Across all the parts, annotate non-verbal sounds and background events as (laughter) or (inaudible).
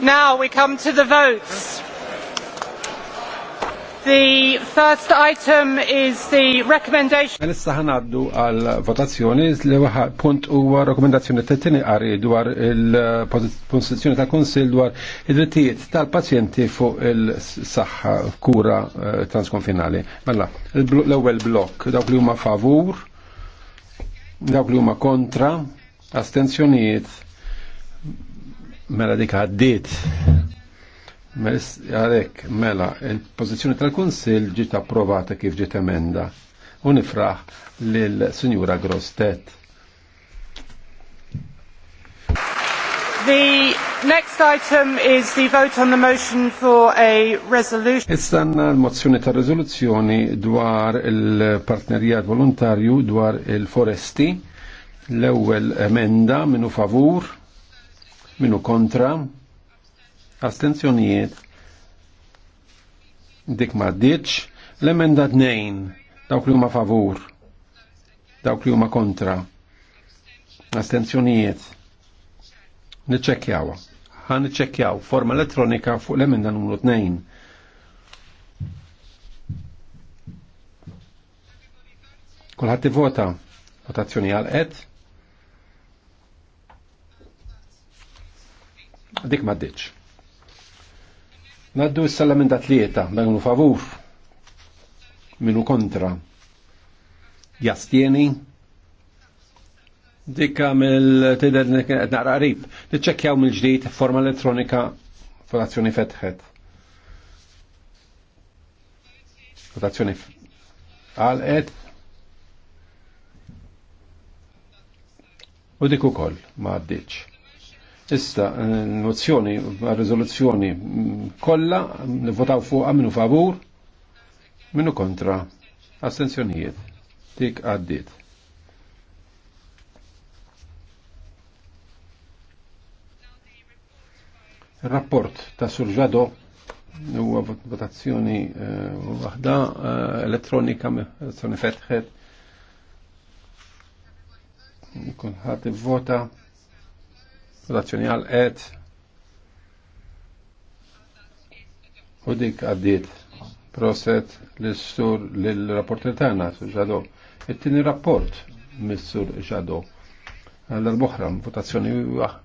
Now we come to the votes. The first item is the recommendation. Nista mela ħanaddu għal votazzjoni li waħad punt huwa rekomendazzjoni tat tini għari dwar il posizjoni ta' konsil dwar id-drittijiet tal-pazjenti fuq il saxħa kura eh, transkonfinali. Mella, l-ewwel blok, dawk li huma favur dawk li huma kontra, astenzjonijiet, mela dik għaddiet. Mela għalek, mela, il-pozizjoni tal-Kunsil ġiet approvata kif ġiet emenda. U nifraħ lil Sinjura Grostet. The next item is the vote on the motion for a resolution. Istanna l-mozzjoni ta' rezoluzzjoni dwar il-partnerijat volontarju dwar il-foresti. L-ewwel emenda minu favur, minu kontra, astenzjonijiet. Dik ma' l-emenda d-nejn, dawk li huma favur, dawk li huma kontra, astenzjonijiet niċċekkjawha. Ħa niċċekkjaw forma elettronika fuq l-emenda numru 2. Kulħadd ivota votazzjoni għal qed. Dik ma ddiċ. Naddu s-salamenda tlieta, dagnu favur, minu kontra, jastieni, Dikka mill-tider naqra qrib. Niċċekkjaw mill-ġdid forma elettronika votazzjoni fetħet. Votazzjoni għalqet. U dik ukoll ma għaddiċ. Issa mozzjoni riżoluzzjoni mm, kollha nivvotaw mm, fuqha minnu favur, minnu kontra, astenzjonijiet. Dik għaddiet. Rapport ta' Surġado u votazzjoni eh, waħda eh, elettronika fetħed fetħet. Kulħadd vota Votazzjoni għal et U dik għaddit proset l-sur l-rapporter rapport tagħna, Surġado. It-tieni rapport mis-sur Ġado l-boħra votazzjoni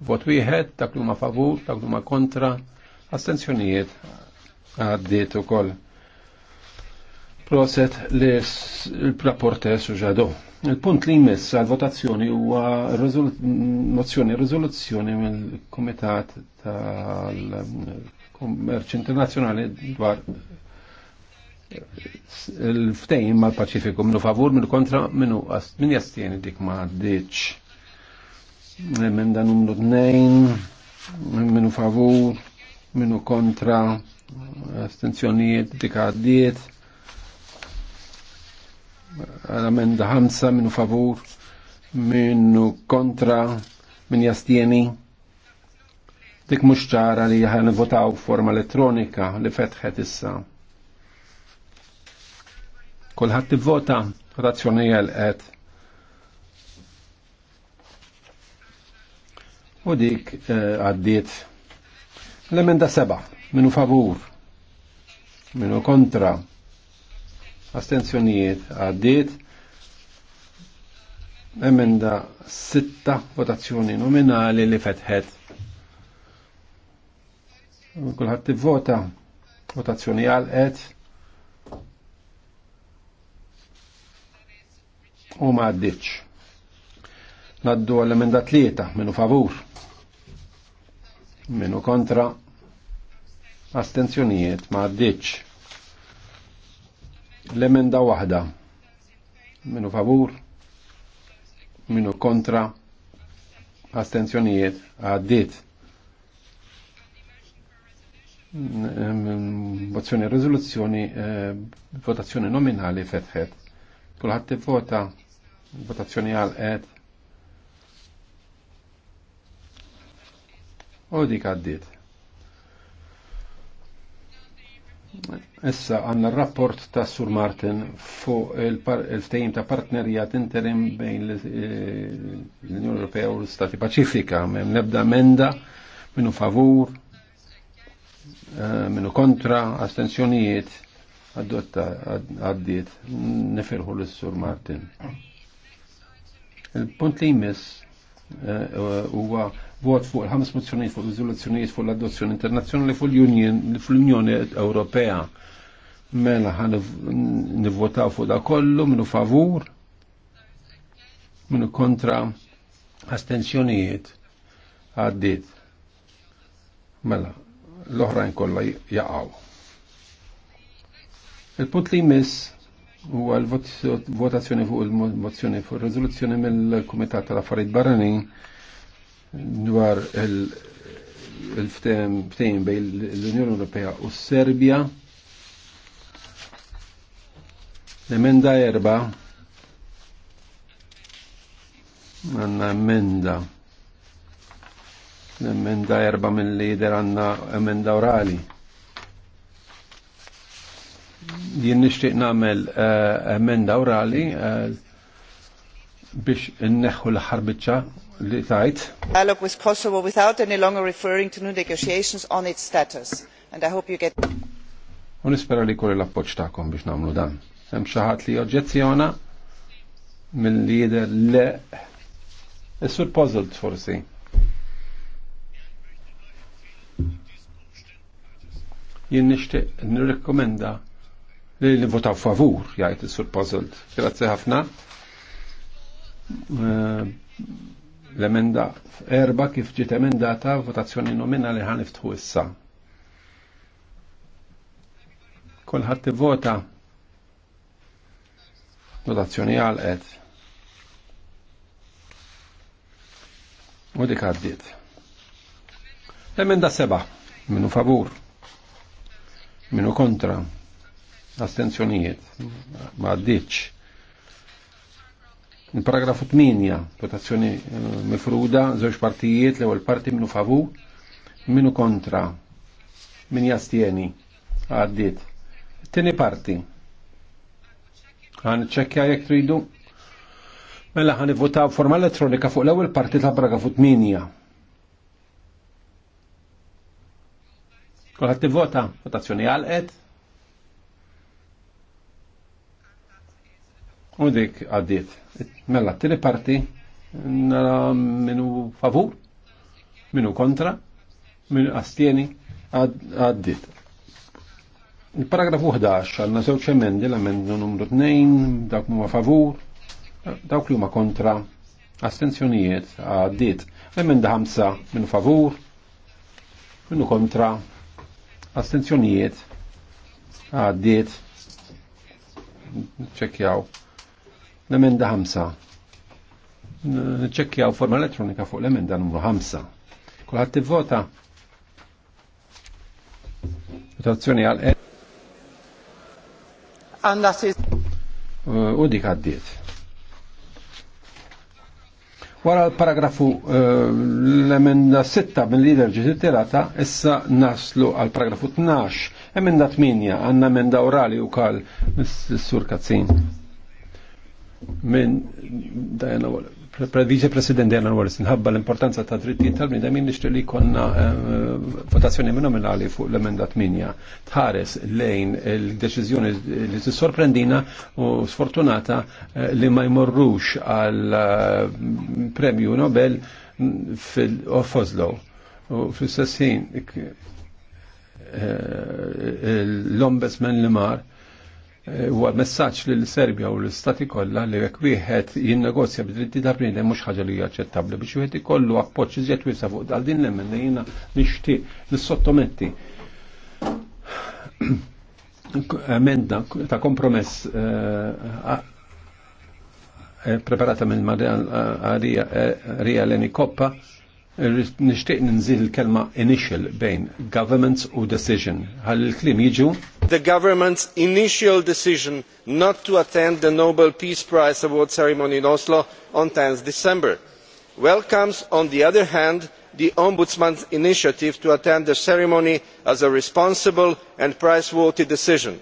vot wieħed, dak li huma favur, dak kontra, astenzjonijiet għaddiet ukoll. Proset li l-rapportes u ġadu. Il-punt li jmiss għal-votazzjoni huwa mozzjoni riżoluzzjoni mill-Kumitat tal-Kummerċ Internazzjonali dwar il-ftejn mal pacifiku minnu favur, minnu kontra, minnu min jastieni dik ma' ditx emenda numru 2, minu favur, minu kontra, astenzjonijiet dikaddiet, emenda 5, minu favur, minu kontra, min jastieni. Dik mux ċara li ħan votaw forma elettronika li fetħet issa. Kolħat t-vota, votazzjoni għal-għed. u dik eh, għaddiet. L-emenda seba, minu favur, minu kontra, astenzjonijiet għaddiet. Emenda sitta votazzjoni nominali li fetħet. Kulħadd tivvota, votazzjoni għalqet. U ma għaddiċ. Naddu għall-emenda tlieta minu favur Minu kontra. Astenzjonijiet ma għaddiċ. L-emenda wahda. Minu favur. Minu kontra. Astenzjonijiet għaddiċ. Votazzjoni rezoluzzjoni, eh, votazzjoni nominali fetħet. Kulħadd vota votazzjoni għal qed U dik għaddit. Issa għanna rapport ta' Sur Martin fuq il-ftejim ta' partnerijat interim bejn l-Unjoni Ewropea u l-Stati Pacifika. Mem nebda menda minnu favur, eh, minnu kontra, astensjonijiet, għaddotta għaddit nifirħu l-Sur Martin. Il-punt li jmiss eh, huwa uh, vot fuq il-ħames mozzjonijiet fuq il riżoluzzjonijiet fuq l-adozzjoni internazzjonali fuq l-Unjoni Ewropea. Mela ħan nivvotaw fuq da kollu minnu favur, minnu kontra astenzjonijiet għaddit. Mela, l-oħrajn kollha jaqgħu. Il-punt li jmiss huwa l-votazzjoni fuq il-mozzjoni fuq il riżoluzzjoni mill-Kumitat tal-Affarijiet Barranin dwar il-ftejn bej l-Unjoni Ewropea u s-Serbja. L-emenda erba għanna emenda l-emenda erba minn lider għanna emenda orali. Jien nishtiq namel eh, emenda orali eh, biex inneħħu l-ħarbitċa li tajt. Dialogue was possible without any longer referring to new negotiations on its status. And I hope you get... Unispera li kolli l-appoċ ta'kom biex namlu dan. Sem xaħat li oġezzjona li jider le. Is-sur puzzled forsi. Jien nishti nirrekomenda li li votaw favur jgħid is-sur puzzled. Grazie ħafna. Eh, l-emenda erba kif ġiet emendata votazzjoni nominali ħan iftħu issa. Kolħat vota votazzjoni għalqet. U dik għaddiet. L-emenda seba, minu favur, minu kontra, astenzjonijiet, ma għaddiċ. Il-paragrafu 8, votazzjoni eh, mifruda, żewġ partijiet, l-ewwel parti minnu favur, minnu kontra, min jastieni, għaddiet. Tieni parti. Għan ċekkja jekk tridu. Mela ħan votaw forma elettronika fuq l-ewwel parti ta' paragrafu 8. Kulħadd tivvota, votazzjoni għalqet. U dik għaddiet. Mela, t-tili parti nara minu favur, minu kontra, minu astieni għaddiet. Il-paragrafu 11 għanna zewċ emendi l-emendu numru 2, dawk ma favur, dawk li huma kontra, astenzjonijiet għaddiet. L-emenda 5 minu favur, minu kontra, astenzjonijiet għaddiet. Ċekjaw. L-emenda 5. u forma elettronika fuq l-emenda numru 5. Kulħadd tivvota. Votazzjoni għal E. Għandha eh, U dik għaddiet. Wara l-paragrafu eh, l-emenda 6 minn lider ġiet tirata, issa naslu għal paragrafu 12, emenda 8, għanna emenda orali u kal, s-sur Kazzin minn Diana Vice President Diana Wallace, nħabba l-importanza ta' drittijiet tal-bnidem min nixtri li konna eh, votazzjoni nominali fuq l-emenda 8. Tħares lejn il-deċizjoni li s sorprendina u sfortunata eh, li ma jmorrux għal eh, premju Nobel fil-Ofoslo. U fl-istessin l ombesmen li mar huwa messaġġ lil Serbja u l-Istati kollha li jekk wieħed jinnegozja bid-dritti ta' hemm mhux ħaġa li hija aċċettabbli biex wieħed ikollu appoġġ iżjed wiesa' fuq dal din l-emmen li jiena nixtieq nissottometti (clears throat) emenda ta' kompromess eh, eh, preparata minn Maria eh, Leni Koppa Nishtiq ninżil il-kelma initial bejn government u decision. Għal il-klim jiġu? The government's initial decision not to attend the Nobel Peace Prize award ceremony in Oslo on 10th December welcomes, on the other hand, the Ombudsman's initiative to attend the ceremony as a responsible and price-worthy decision.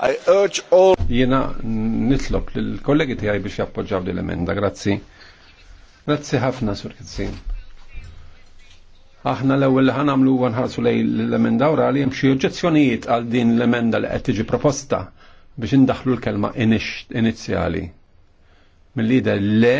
I urge all... Jena nitlob l-kollegi tijaj biex jappoġġaw l-emenda, grazzi. Grazzi ħafna, Sur Kizzin. Aħna l-ewwel li ħanamlu huwa nħarsu lej l-emenda li hemm xi oġġezzjonijiet għal din l-emenda li qed tiġi proposta biex indaħlu l-kelma inizjali. Mill-lider le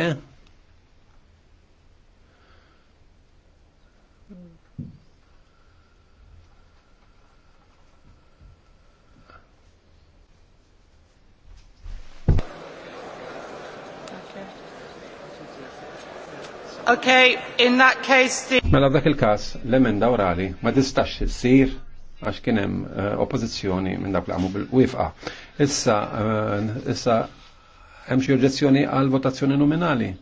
Okay, in that case the... Mela dak il-kas, l-emenda orali ma tistax issir għax kien hemm eh, oppożizzjoni minn dak li għamu bil-wifqa. Issa, eh, issa hemm xi oġġezzjoni għal votazzjoni nominali.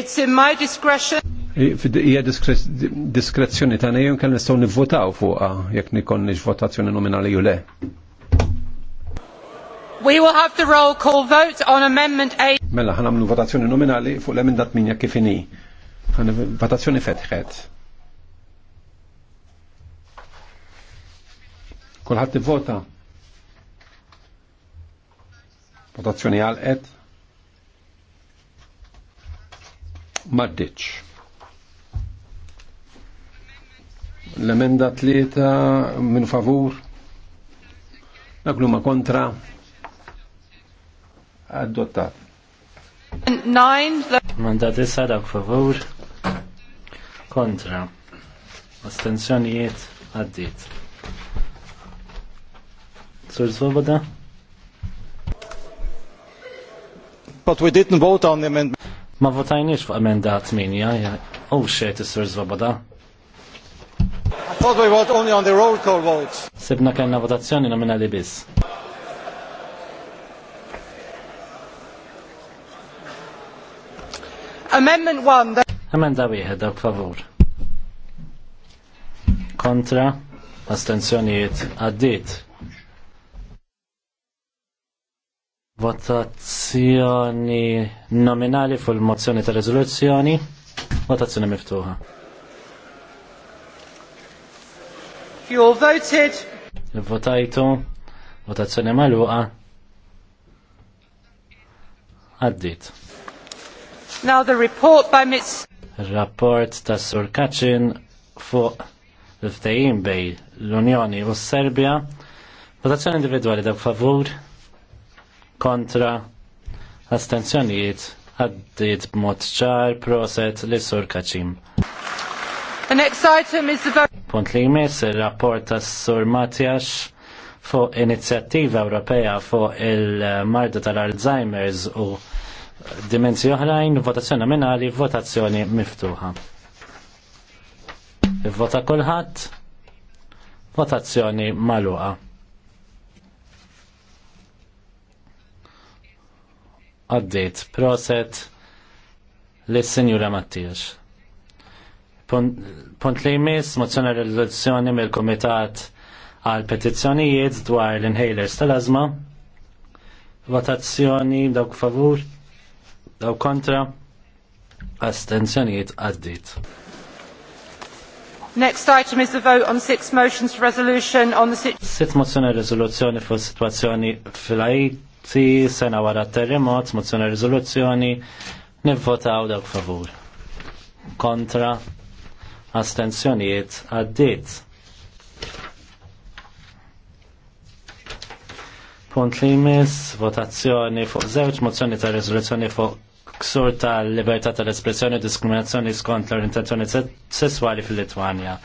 It's in my discretion. Hija diskrezzjoni tagħna jew kellna nistgħu nivvotaw fuqha jekk nikonniex votazzjoni nominali jew le. We will have the roll call vote on Amendment 8. Mela, ħan għamlu votazzjoni nominali fuq l emendat minja kifini. Ħan votazzjoni fetħet. Kolħat vota. Votazzjoni għal-et. Maddiċ. L-emenda 3 minn favur. Naglu ma kontra adottat. Mandati issa dak favur kontra astenzjonijiet għaddit. Sur Svoboda? But we didn't vote on the amendment. Ma votajniex fuq amendat min, ja, ja. Oh shit, sur Svoboda. I thought we vote only on the roll call votes. Sibna kena votazzjoni nomina li bis. Amendment 1. Amenda wieħed dawk favur. Kontra. Astenzjonijiet għaddit. Votazzjoni nominali fuq il-mozzjoni ta' rezoluzzjoni. Votazzjoni miftuħa. You all voted. Votajtu. Votazzjoni maluqa. Għaddit. Now the report by Ms. Rapport ta' Sur Kacin fuq l ftajim bej l-Unjoni u s-Serbja. Votazzjoni individuali da' favur kontra astenzjonijiet għaddiet b'mod ċar proset li sur Kaċim. The next item is the Punt li jmiss il-rapport ta' sur Matjax fuq inizjattiva Ewropea fuq il-marda tal-Alzheimer's u dimensi oħrajn, votazzjoni nominali, votazzjoni miftuħa. Vota kulħadd, votazzjoni maluqa. Għaddit, proset s senjura Mattijax. Punt li jmiss, mozzjoni rezoluzzjoni mill-Komitat għal petizzjonijiet dwar l-inhalers tal-azma. Votazzjoni dawk favur daw kontra astenzjonijiet għaddit. Next item is the vote on six motions resolution on the situation. Sitt mozzjoni rezoluzzjoni fuq situazzjoni fil aiti sena wara terremot, mozzjoni rezoluzzjoni nivvotaw dawk favur. Kontra astenzjonijiet għaddit. Punt li mis. votazzjoni fuq żewġ mozzjoni ta' rezoluzzjoni fuq ksur tal-libertà tal-espressjoni u diskriminazzjoni skont l-orientazzjoni sessuali fil-Litwanja.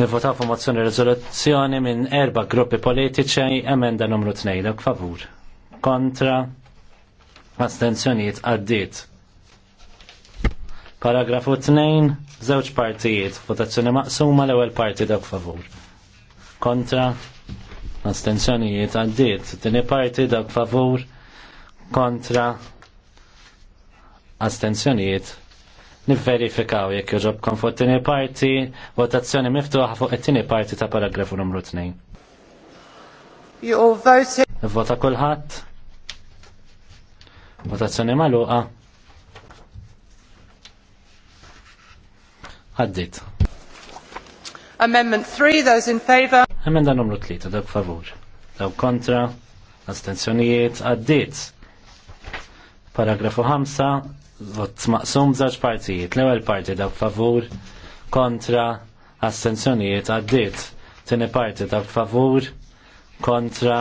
Nivvotaw fu mozzjoni rezoluzzjoni minn erba gruppi politiċi emenda numru 2 dak favur. Kontra astenzjonijiet għaddiet. Paragrafu 2, żewġ partijiet, votazzjoni maqsuma l-ewwel parti dak favur. Kontra, astenzjonijiet għaddiet, tini parti dak favur, kontra, astenzjonijiet nifverifikaw jekk joġobkom fuq it-tieni parti, votazzjoni miftuħa fuq it-tieni parti ta' paragrafu numru 2. Vota kulħadd. Votazzjoni magħluqa. Għaddit. Amendment 3, those in favor. Emenda numru 3, dawk favur. Dawk kontra, astenzjonijiet, għaddit. Paragrafu 5, vot maqsum żewġ partijiet. L-ewwel parti dak favur kontra astenzjonijiet għaddit. Tieni parti dak favur kontra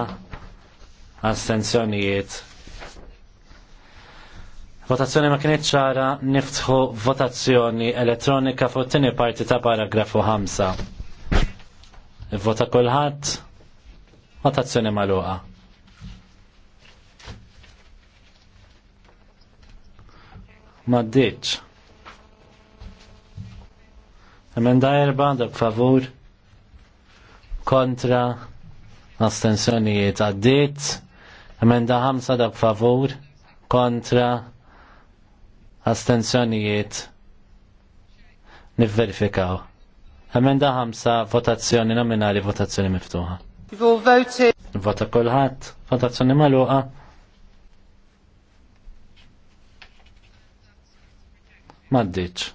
astenzjonijiet. Votazzjoni ma kienet ċara niftħu votazzjoni elettronika fuq tini parti ta' paragrafu 5. Vota kulħadd, votazzjoni magħluqa. maddiċ. Emenda erba dak favur kontra astensjonijiet għaddit. Emenda ħamsa dak favur kontra astensjonijiet nifverifikaw. Emenda ħamsa votazzjoni nominali votazzjoni miftuħa. Vota kolħat, votazzjoni maluqa. maddit.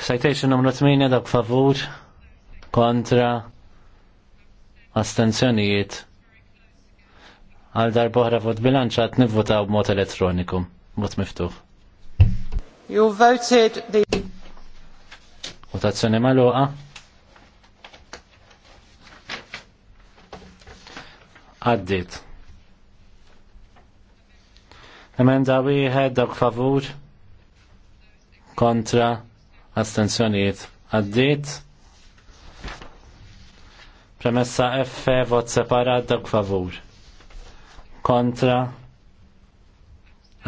Citation numru 8 dak favur kontra astenzjonijiet għal darbohra vot bilanċat għat nivvotaw b'mod elettroniku, vot miftuħ. You voted the... Votazzjoni maluqa. Għaddit. Emenda wieħed dak favur kontra astenzjonijiet. Għaddit. Premessa F vot separat dak favur. Kontra.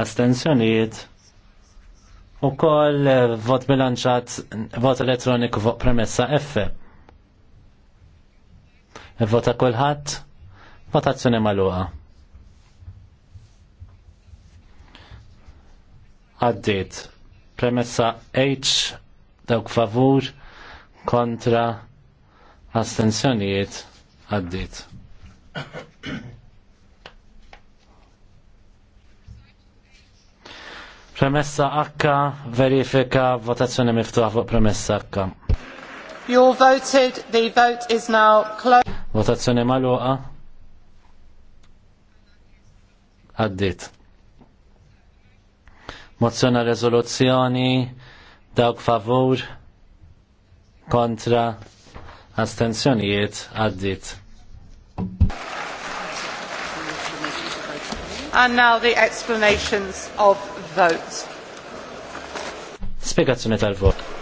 Astenzjonijiet. U koll vot bilanċat, vot elettroniku vot premessa F. Vota kolħat, votazzjoni maluqa. għaddit. Premessa H dawk favur kontra astensjonijiet għaddit. Premessa H verifika votazzjoni miftuħa fuq premessa H. You voted, the vote is now closed. Votazzjoni maluqa. Għaddit mozzjoni rezoluzzjoni dawk favur kontra astenzjonijiet għaddit. And now the explanations of votes. Spiegazzjoni tal-vot.